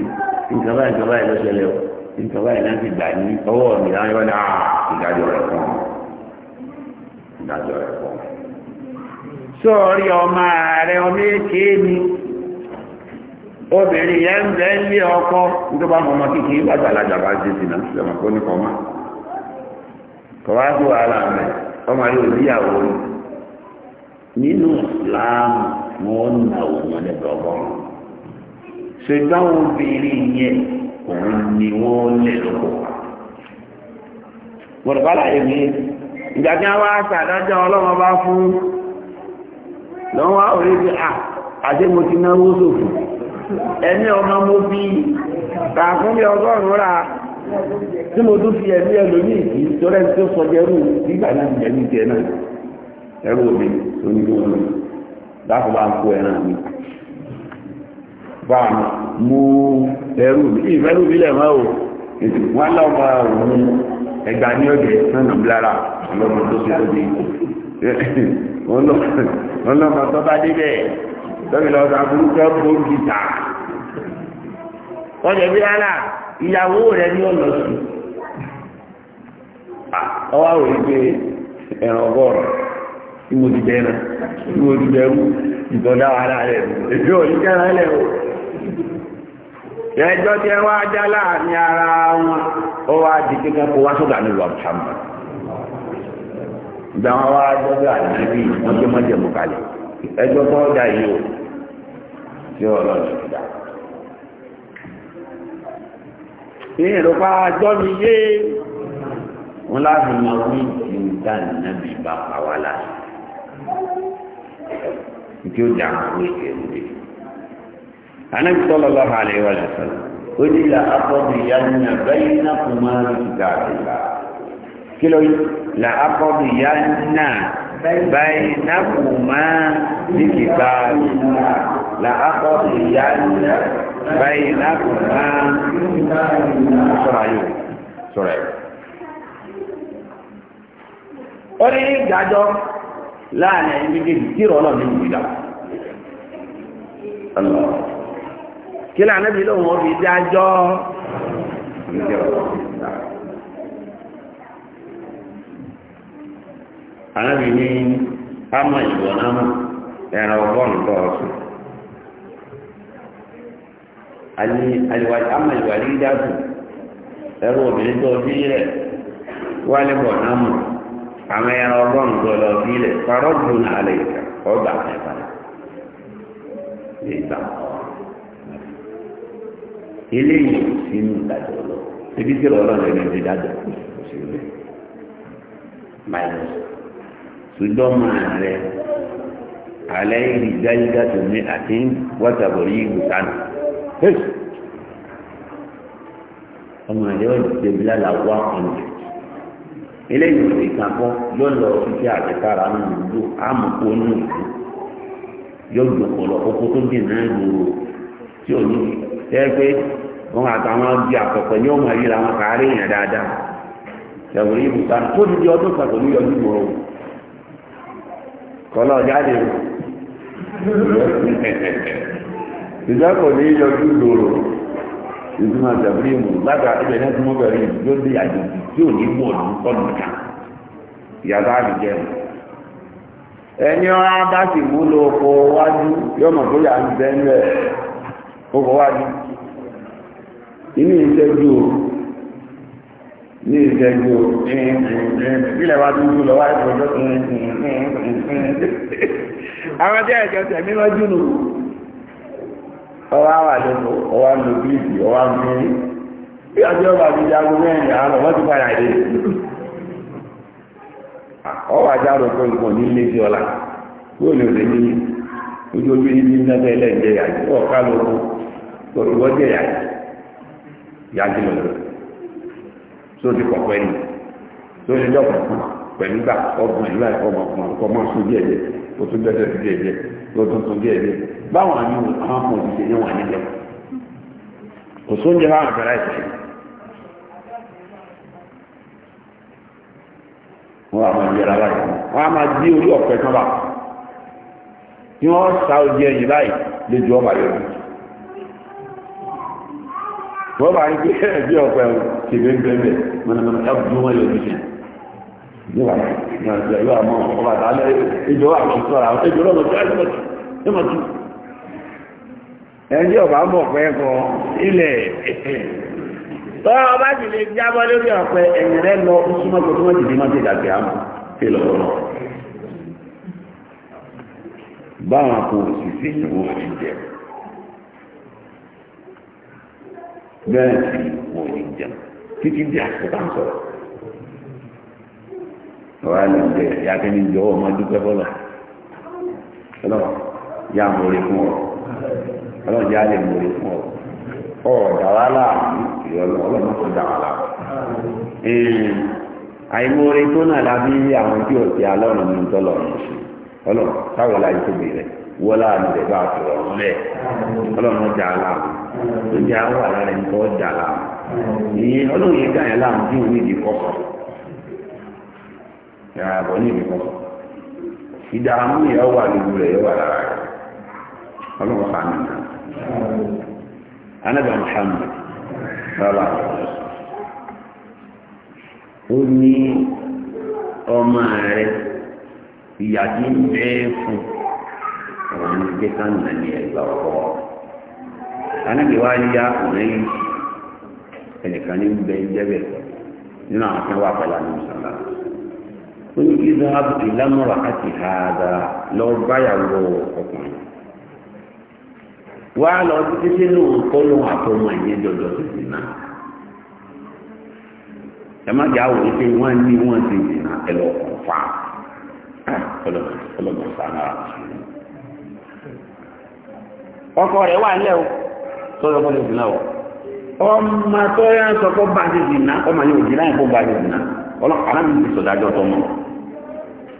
nǹkan báyìí nǹkan báyìí lọ́sẹ̀lẹ̀ o nǹkan báyìí náà ti gbà ní ọwọ́ mi láwọn yóò dá ah, ìdájọ́ rẹ̀ fún ọ ìdájọ́ rẹ̀ fún ọ. sọ́ọ̀rí ọmọ ààrẹ ọmọ èké ni obìnrin yẹn ń bẹ́ lé ọkọ nítorí bá ọmọ kékeré bá gbàlajà bá ṣe sínú ìṣẹ̀mọ̀ kó ní kọ́ mọ́ kọ́ wá sí wàhálà mẹ́ ọmọ yóò níyàwó ni nínú ìsìláàmù ni wọ́n na òun lẹ́dọ̀ọ́gọ́rùn ṣùgbọ́n obìnrin yẹn òun ni wọ́n lè lóko wa. gbọ̀dọ̀ bàlá ìgbà tí wọ́n wá ṣàdájọ́ ọlọ́mọ bá fún lọ́wọ́ orí ti à àti mo ti náwó sòfò ẹni ọmọ mo bí rà fún mi ọgọ́rùn-ún rà tí mo tún fi ẹ̀mí ẹlòmíì kì í torí ẹni tó sọjẹ́rù nígbà náà ìjẹ́ ní náà ẹrù omi tó ní lóun mi dákọ̀ bá ń kó ẹran mi bá mú ẹrù mi ìfẹ́rù mi lẹ̀ mọ́ o ètò wọn lọ bá òun ẹgbà ní ọ̀gẹ̀ sọ́nà blára ọlọ́mọ tó ṣe lóde ọlọ́mọ tó bá débẹ̀ lọ́bí lọ sọ àbúrúkọ bóńgì tà wọ́n jẹ̀bi rárá ìyàwó rẹ̀ ní ọ̀nà sí ọwọ́ àwòrán pé ẹ̀rọ ọgọ́rùn ìwò ti jẹ́ náà ìwò ti jẹ́ mú ìtọ́dá wa o ẹjọ́ tí ẹ já láàrin ara wọn ó wá di kíkẹ́ kó wá sọ́dà ní ìwà mùsàmù ìgbà wọn wá gbọ́dọ̀ àdébí wọn jẹ́ mọ́jẹ̀mú kalẹ̀ ẹjọ́ tó ọjà yìí o tí ọlọ́run ti dá ìyẹn ló bá gbọ́ mi yé wọn láti mọ wí ìdánilẹ́bí bá pa wá láti tí ó dà àwọn ìkẹrù rẹ̀ anábì sallallahu alaihi wa sallam ó ní ìlà akọ́bù ìyáyìnà bẹ́yìn náà kò máa rí ìgbà àgbà kí ló ìlà akọ́bù ìyáyìnà bẹ́yìn náà kò máa rí ìgbà àgbà ìlà akọ́bù ìyáyìnà bẹ́yìn náà kò máa rí ìgbà àgbà sọ̀rọ̀ ayò láàrin ẹ̀yìn méjèèjì tí ìrọ̀lọ́ ní ìgbìlá kí lànà bí lóun ó fi dájọ́ ànábì ní ámà ìwọ̀ náà ẹ̀rọ ọgọ́rùn-ún tó ọ̀sùn ámà ìwà rí dáàbò ẹ̀rọ obìnrin tó ọdún rẹ̀ wálé bọ̀ náà mọ̀ àwọn ẹran ọlọ́run tó lọ sí ilẹ̀ parọ́ dùn alẹ́ ìgbà ọgbà ẹ̀fọn ìgbà eléyìí sínú ìdájọ́ lọ ebi tí ọlọ́run ẹni ti dájọ́ kò sí ilé minus ṣùgbọ́n máa rẹ alẹ́ ìrì dájúdá tó ní àti wọ́tàbọ̀ yí gbùtánù ọmọ ìdíwọ̀n ti tẹ̀lé lálàá wá ọ̀nà. eléyìí ti kàn kọ́ yóò lọ títí àtẹ̀kára nínú ìlú àmùkù nínú ìlú yóò lọ kókó tó dì náà gbòòrò tí ò ní tẹ́ wọn àtàwọn ọdí ní ọmọ wọn kàáré yẹn dáadáa ṣẹ̀wọ̀n yìí bùkà tó ti di ọdún kan kò ní yọjú jáde ìjọba ìdúmọ̀ àtàbílẹ̀ na lábẹ́ àtúbẹ̀ náà tí wọ́n bẹ̀rẹ̀ yìí yóò dé àjò tí ò ní mọ̀ ní ọ̀nà kan ìyàtọ̀ àdìjẹ́ rẹ̀. ẹni ọ́ bá sì múlò oko wájú yóò mọ̀ tó ń bẹ́ ń bẹ́ oko wájú. inú ìṣẹ́jú o ní ìṣẹ́jú o wájú ń lọ ọwọ́ àwà lẹ́kọ̀ọ́ ọwọ́ ń bíìsì ọwọ́ ń bí ọjọ́ bá ti jago mẹ́rin àárọ̀ wọ́n ti padà dé ọwọ́ àjárò ní ilé sí ní ojú ojú lọ́dọ̀ tó ti kọ̀ pẹ́ni tó ti dọ̀kọ̀ pẹ̀lú gbà ló tuntun díẹ̀ díẹ̀ báwọn àmì àwọn kan ti ṣe ní wọn níjẹ kò sóúnjẹ báwọn àgbẹ̀rẹ̀ ìṣẹ̀lẹ̀ wọn àwọn ìyẹra báyìí wọn a máa gbé orí ọ̀pẹ kan bá tí wọ́n sa ojú ẹ̀yìn báyìí lójú ọba yọrọ wọ́n bá ń gbé ẹ̀bí ọ̀pẹ ṣègbè ń bẹ́ẹ̀ bẹ́ẹ̀ mọ̀nàmọ́ná ẹ̀ yóò ẹjọ́ ọba mọ̀ pé ẹ̀kọ́ ilẹ̀ tọ́ ọba sì lè jábọ́ lórí ọ̀pẹ ẹ̀yìn rẹ lọ súnmọ́ tó túnmọ̀ jìdí má ti dàgbé àmọ́ fi lọ lọ. báwọn kò sì sí ìwò ìjẹ bẹ́ẹ̀ ọ̀rọ̀ àlẹ́ ìjẹ ìyá kẹ́ni ìjọwọ́ ọmọ dúpẹ́ fọlọ́ ọlọ́run yá mọ̀ọ́rẹ́ fún ọ ọlọ́run yá lè mọ̀ọ́rẹ́ fún ọ ọ̀dà wa láàmú ìrọ̀lọ́ ọlọ́run kò dà wà láàmú. àìmọ̀ọ́rẹ́ tó náà la bí àwọn tí ò ti alọ́run ní tọ́lọ́run ṣe ọlọ́run táwọn láyé tóbi rẹ̀ wọ́lá àlùbẹ̀ bá sọ̀rọ̀ ọ̀lẹ́ ọlọ́run dà láàmú tó jẹ́ àwọn àlàrẹ̀ nǹkan dà láàmú ìyẹn ọlọ́run yẹn dà yẹn láàmú tí òun ìdí kọ̀ọ̀kan ya ní ìbí kan ìdààmú yẹ wà lójú rẹ̀ yẹ wà lára rẹ̀ ọlọ́run sàánù náà anábà Muhammad bàbá ó ní ọmọ rẹ̀ ìyá tí ń bẹ́ẹ̀ fún ọ̀rọ̀ ní jẹ́ sáńnà ní ẹgbà ọ̀pọ̀ anábì wá yá ya ẹnìkan ní bẹ́ẹ̀ jẹ́bẹ̀ nínú àwọn akẹ́wà pẹ̀lú àwọn ó ní ìzáàbù ìlámọ̀ràn àti ààdà lọ báyàwó ọkùnrin wá lọ títí alo kọ́lọ́ àtọmọ ìyẹn dọ̀dọ̀ títí náà ẹ má jẹ́ àwọn ìṣe wọ́n ní wọ́n ti dìnnà ẹ lọ kọ̀ fà á ah, ọlọ́mọ sáná ọkọ rẹ̀ wà nílẹ̀ o sọ́dọ̀ kọ́lọ́ ìdìnnà o ọmọ tó yẹ sọ bá ti dìnnà ọmọ bá ti dìnnà náà ti sọ̀dájọ́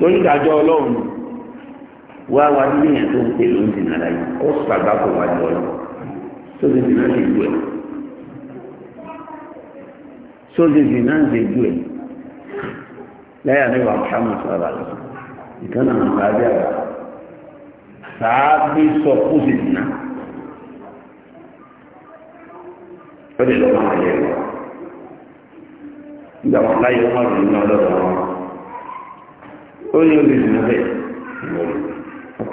torí ìdájọ́ ọlọ́run wá wá nílé yẹn tó ń pè ló ń dìnnà láyé ó sàgbà kò wá jọ lọ sóde dìnnà lè ju ẹ sóde dìnnà lè ju ẹ lẹ́yìn àdéhùn àkàmù sọ̀rọ̀ àlọ́ ìkànnà àwọn àbí àgbà sàábí sọ kó sì dìnnà ó lè lọ́wọ́ àyẹ̀wò ìgbà wọn láyé wọn ní ọlọ́dọ̀ wọn. ó ní olè ìdùnnú bẹ́ẹ̀ ok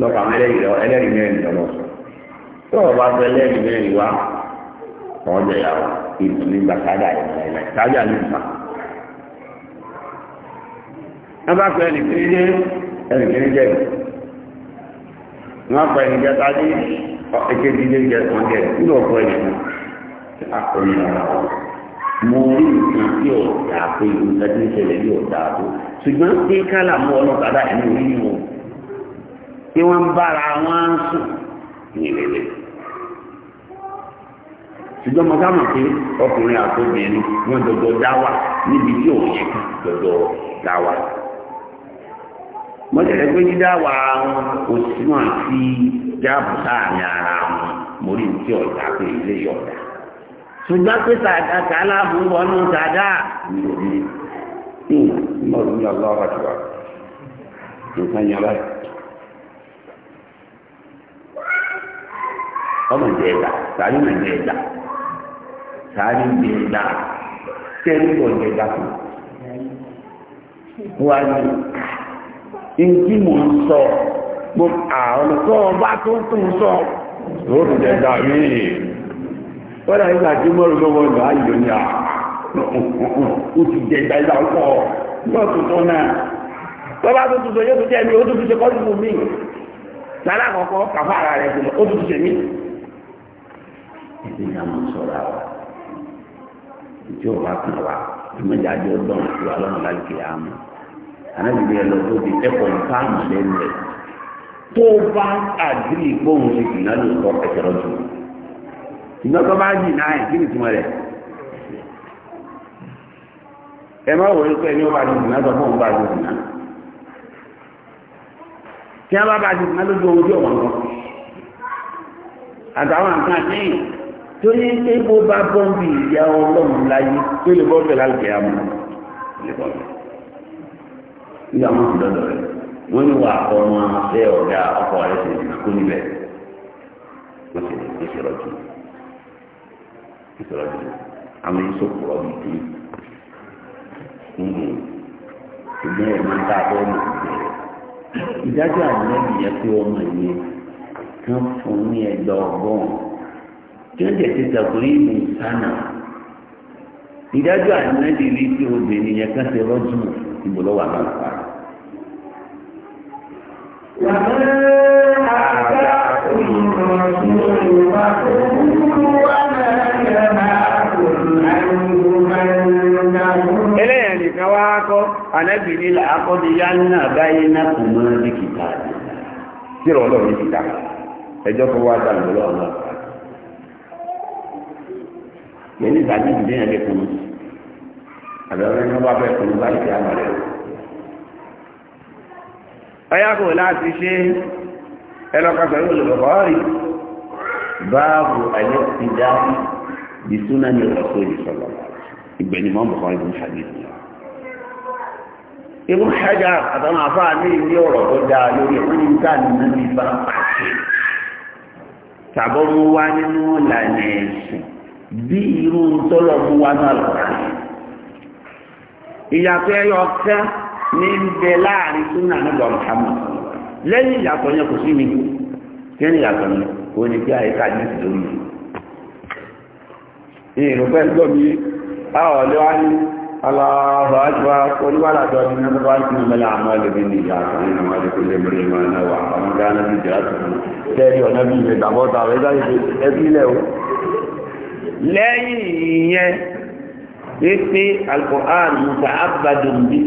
lọ́pọ̀ àwọn ẹlẹ́rìí lọ ẹlẹ́rìí mẹ́rin lọ lọ sọ tó o bá fẹ́ ẹlẹ́rìí mẹ́rin wá wọ́n jẹ ìyàwó ìdùnnú nígbà sáájà yẹn láìláì sáájà ló ń fà. wọ́n bá fẹ́ ẹnìkiri jẹ́ mo rí nǹkan tí ò pé nǹkan tí ń ṣẹlẹ̀ yóò dáa tó ṣùgbọ́n tí kálà mú ọlọ́pàá ẹ̀mí orí ni wọn tí wọ́n ń bára wọn sùn ní ìrẹ̀lẹ̀ ṣùgbọ́n mo sábà pé ọkùnrin àtọ́bìnrin wọn jọjọ dá wà níbi tí òun yẹ kàn dá ṣùgbọ́n pé tàdá tààlà fún wọnú tàdá ní ọlọ́rọ̀ tí nǹkan yẹn báyìí ọmọ ìjẹ ẹ̀dá sàárì mọ̀ ìjẹ ẹ̀dá sàárì ìjẹ ẹ̀dá tẹ́lú fún wa ní ń sọ gbogbo àwọn tó bá tó sọ lórí ìjẹ yìí. kọ́dà nígbà tí mọ́rù ló wọ́n lọ ayò ní àá ó jẹ ìgbà ìgbà yóò tuntun náà tọ́ba tó tuntun yóò tún jẹ́ mi ó tún tún ṣe fún mi lára kọ̀ọ̀kọ́ kàfá ara rẹ̀ fún ó tún tún ṣe ẹ̀sìn náà mọ̀ sọ̀rọ̀ àwa ìjọ wa kàn wá ìmọ̀jà àjọ ọdún ìwà lọ́nà láìpẹ́ àmọ́ ànábìbí ẹ lọ tó di ẹ̀kọ́ ìfáàmù lẹ́nu rẹ̀ tó bá àdúrà ìgbóhùn ṣe ṣùgbọ́n tó bá jì náà kí ni túmọ̀ rẹ̀ ẹ má wòye pé ẹni ó bá di ìdùnnà sọ fún òun bá di ìdùnnà tí a bá bá di ìdùnnà lójú ohun tí òun lọ àtàwọn nǹkan àtẹ́yìn tó ní pé bó bá bọ́ǹbì ìyá ọlọ́run láyé tó lè bọ́ọ̀bẹ̀ láti àmú ìyá ọmọ sì lọ́dọ̀ rẹ̀ wọ́n wà ọmọ ṣẹ́ ọ̀gá ọkọ̀ rẹ̀ sì kú níbẹ̀ wọ́n sì lè ṣe rọ̀jù. ìtọ́jú àwọn èyí sọ̀kọ̀rọ̀ mi dé nínú ìgbẹ́ ń dá ọmọ ìgbẹ́ ìdájọ́ àlẹ́bí yẹn pé ọmọ yẹn kan fún ní ẹgbẹ́ ọgbọ́n tí ó jẹ́ ti ìlú sánà ìdájọ́ rí tí kan ti rọ́jú ànábì ní àkọ́dé yá náà báyé náà kò mọ́ bí kìtà tí rọ̀ lọ́wọ́ ní kìtà ẹjọ́ kó wá dà lọ́wọ́ ọ̀la yẹn ní ìdájí ìdílé yẹn lè kún un àbẹ̀wẹ̀ ní wọ́n bá fẹ́ kún un báyìí kí á bàlẹ̀ ọyá kò láti ṣe ẹlọ́kọ̀tọ̀ yóò lè báàbù ayé ti dá ìsúná ní ọ̀sọ́ ìṣọ̀lọ̀ ìgbẹ̀ni mọ́ bọ̀kọ́ ìdún ibú ṣájà àtàwọn àfáà ní ilé ọ̀rọ̀ tó dáa lórí wọ́n ní nínú ní pàṣẹ tàbọ́mú wá nínú ẹ̀sìn bí irú tọ́lọ̀ mú wá náà lọ́ra ìyàtọ̀ ẹyọ ọ̀kẹ́ ní ń bẹ láàrin súnà lẹ́yìn ìyàtọ̀ yẹn kò sí mi kí ni ìyàtọ̀ yẹn kò ní kí àyíká ní ìrùpẹ́ a lé wá Allahu akbar oníwàlá tó ní ọdún bá ti mẹ́lá àmọ́ ẹlẹ́bí ní ìyá àtàwọn ìrìnà wájú kò lè mẹ́rin máa náà wà àwọn gánà bí ìjà tó ní tẹ́lẹ̀ ọ̀nà bí ìwé ìgbàbọ́ta rẹ̀ láyé ẹbí ilẹ̀ o. lẹ́yìn ìyẹn wípé alukóhán musa abadun bí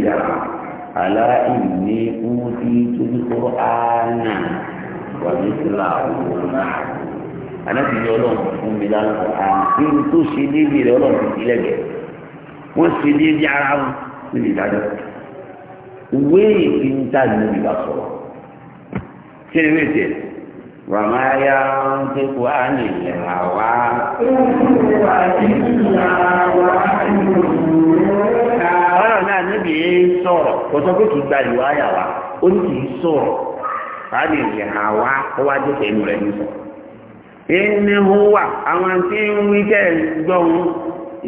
tìlà àlá ìní wúdí tóbi kúrò áánì wà ní sílá òun náà. Ànábì yọ ọlọ́run fún mi lálùkọ̀ áánì. Irú tó ṣe déédéé rẹ̀ ọlọ́run ti sílẹ̀ gẹ̀. Wọ́n ṣe déédéé ara wọn níbi ìdájọ́. Ìwé ìfi ń tà níbi ìgbà sọ̀rọ̀. Kí ni wíìtì ẹ̀? وما ينطق عن الهوى إلا náà níbi yìí sọ̀rọ̀ kò sọ pé kì í gba ìlú àyà wá ó ní kì í sọ̀rọ̀ fàánì ìrìn àwa ó wá jẹ́ pẹ̀lú rẹ̀ ẹni wà àwọn tẹ́ gbọ́n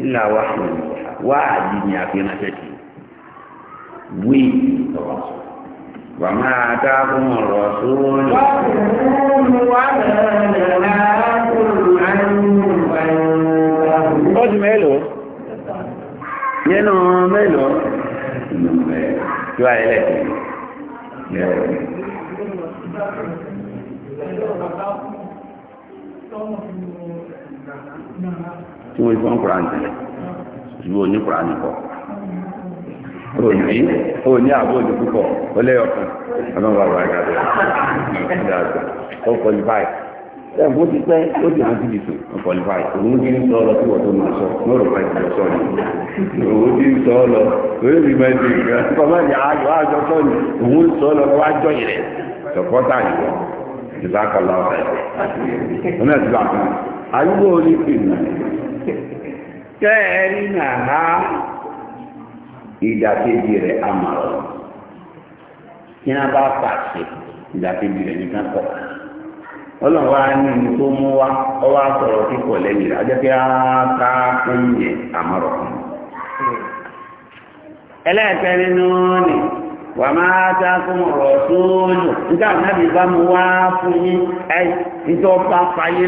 ilà wa wà á di ní àfihàn tẹ̀sí wí ìtọ́wọ́ sọ. nínú mélòó tí wàá yẹlẹ tí wọ́n fọ́n kura ní tí wọ́n ní kura ní kọ́ òní òní àbójú púpọ̀ ó lẹ́yọ̀kan ọlọ́run bàbá ìgbàdé ó qualify ẹ̀ bó ti pẹ́ ó ti hàn sí ìsìn ó qualify òun kí ní sọ ọ lọ sí wọ́n tó máa sọ lórí ìgbà ìgbà sọ ni. òun ti ń sọ ọ lọ di ìgbà kọ́má ní ayọ̀ àjọ ọ lọ yìí rẹ̀ sọ̀pọ́tà yìí wọ̀ ìjọba kan lọ́wọ́ rẹ̀ òun náà ti bá kan àyúgbò oníkì náà ha ìdàkejì kí bá ìdàkejì nìkan wa ní wa ọ wá sọ̀rọ̀ lẹ́yìn rẹ̀ ajẹ́ á ká ẹlẹ́ẹ̀kẹ́rin náà ni wà máa dákún rọ̀sóòlù nígbà náàbí bá mú wá fún yí ẹ́ fayé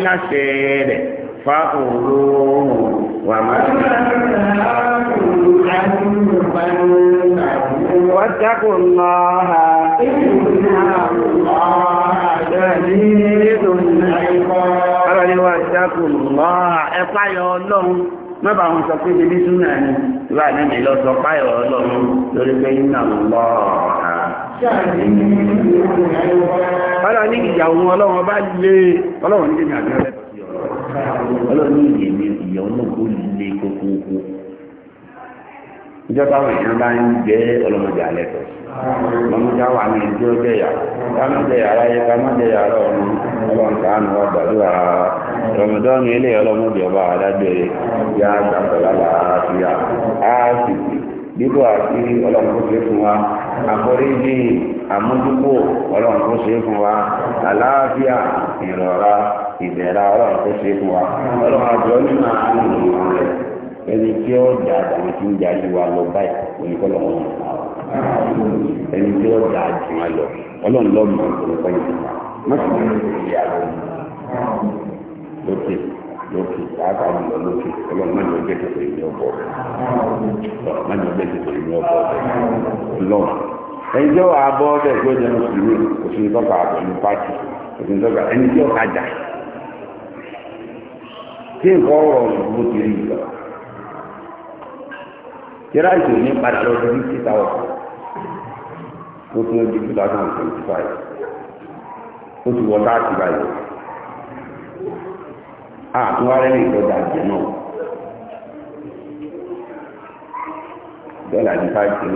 fa wà máa má bàa wọn sọ pé bíbí súnà ni ìwà àdánù lọ sọ páyọ̀ ọlọ́run lórí pé iná lọ́ ọlọ́run ní ìyà òun ọlọ́run bá lé ọlọ́run ní ìyà òun ọlọ́run ní ìyà òun ọlọ́run ní ìyà òun ọlọ́run ìjọ táwọn èèyàn bá ń jẹ ọlọmọdé alẹ tó ọlọmọdé àwọn àmì ìjọ jẹ yà táwọn jẹ yàrá yẹ táwọn jẹ yàrá ọrùn ọlọ́run káàánú wa gbàdúrà ọlọmọdé ọrùn ilé ọlọmọdé ọba adágbére yá gbàgbọlá làásìá ya. dípò àti ọlọ́run kó ṣe fún wa àforíjì àmójúkò ọlọ́run kó ṣe fún wa àlàáfíà ìrọ̀ra ìbẹ̀rẹ̀ ọlọ́run kó ṣe fún wa ọlọ́run àjọ nínú àwọn ènìyàn rẹ̀ ẹni tí ó dà àtàwọn tí ń darí wa lọ báyìí oníkọ́lọ́ wọn yìí wá ẹni tí ó dà jù wọn lọ ọlọ́run lọ́ mọ̀ oníkọ́ yìí wá mọ́tò ní ìyá lọ lókè lókè pàápàá jùlọ lókè ọlọ́run má ní ọjọ́ ìṣòro ìní ọ̀bọ̀ má ní ọjọ́ ìṣòro ìní ọ̀bọ̀ lọ́wọ́ ẹni tí ó wà bọ́ ọ́dẹ̀ tó jẹ́ mùsùlùmí òṣèlú tọ́ka àbẹ̀lú pátì òṣèlú tọ́ka ẹni tí ó kájà tí nǹkan ọ̀rọ̀ ọ̀rọ̀ bó ti rí ìlọ kíra ìtò ní padà lọ sí fifty di two thousand and twenty five ó ti wọ láti báyìí àtúwárẹ́ ní ìtọ́jà àjẹ náà dọ́là ní five kan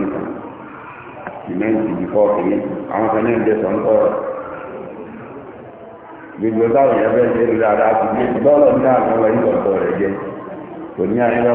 sìmẹ́ǹtì ní four kìíní àwọn kan náà ń dẹ̀ sọ́n tọ́ gbogbo táwọn èèyàn bẹ́ẹ̀ ṣe lórí ara ti gbé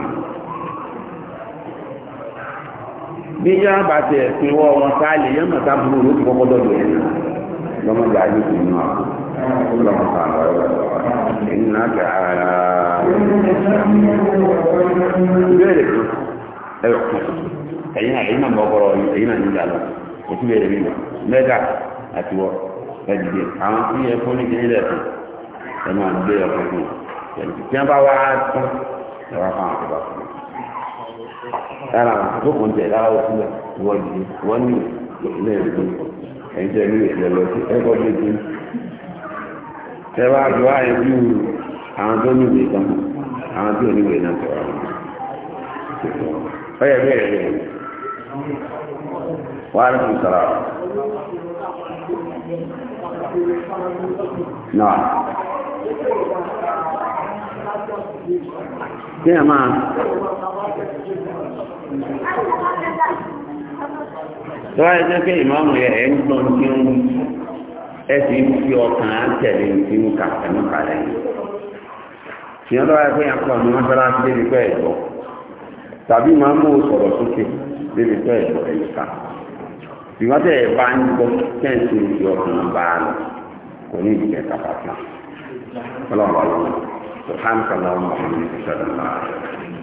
bí yá bá ti ẹ̀sìn wọ wọn ká lè yẹn mọ̀ta burú ló ti kọ́kọ́ dọ̀dọ̀ yẹn lọ́mọ gbà ní ìlú náà lọ́mọ kan lọ́wọ́ ẹ̀yìn náà kẹ́ ara ìbéèrè kan ẹ̀yọ̀ ẹ̀yìn náà ẹ̀yìn náà ẹ̀yìn náà òtún bẹ̀rẹ̀ mi lọ mẹ́gà àti dára àkókò ń tẹ̀ dára ó sílẹ̀ wọ́n ní wọ́n ní ilé ìlú ẹ̀jẹ̀ ní ìlẹ̀ lọ sí ẹ̀kọ́ tó ti ẹ bá tó wá ẹbí àwọn tó ní ìwé kan àwọn tó ní ìwé náà sọ̀rọ̀ ọ yẹ bẹ́ẹ̀ bẹ́ẹ̀ wà á lọ́kùn sọ̀rọ̀ náà kí ẹ máa. tó wáyé pé ìmáàmù yẹ ẹ̀ ń gbọ́n tí ń wí ń fi ọkàn tẹ̀lé tí ń kà ẹ̀mú kalẹ̀ yìí ìyẹn tó yẹn kọ́ ni wọ́n fẹ́ra sí débi pẹ́ ẹ̀gbọ́ tàbí ìmáàmù sọ̀rọ̀ sókè débi ẹ̀yíká ìwọ́n tẹ̀ bá ń gbọ́ kẹ́ǹtì ọkàn bá a lọ kò ní ìjẹ́ ọlọ́run ọlọ́run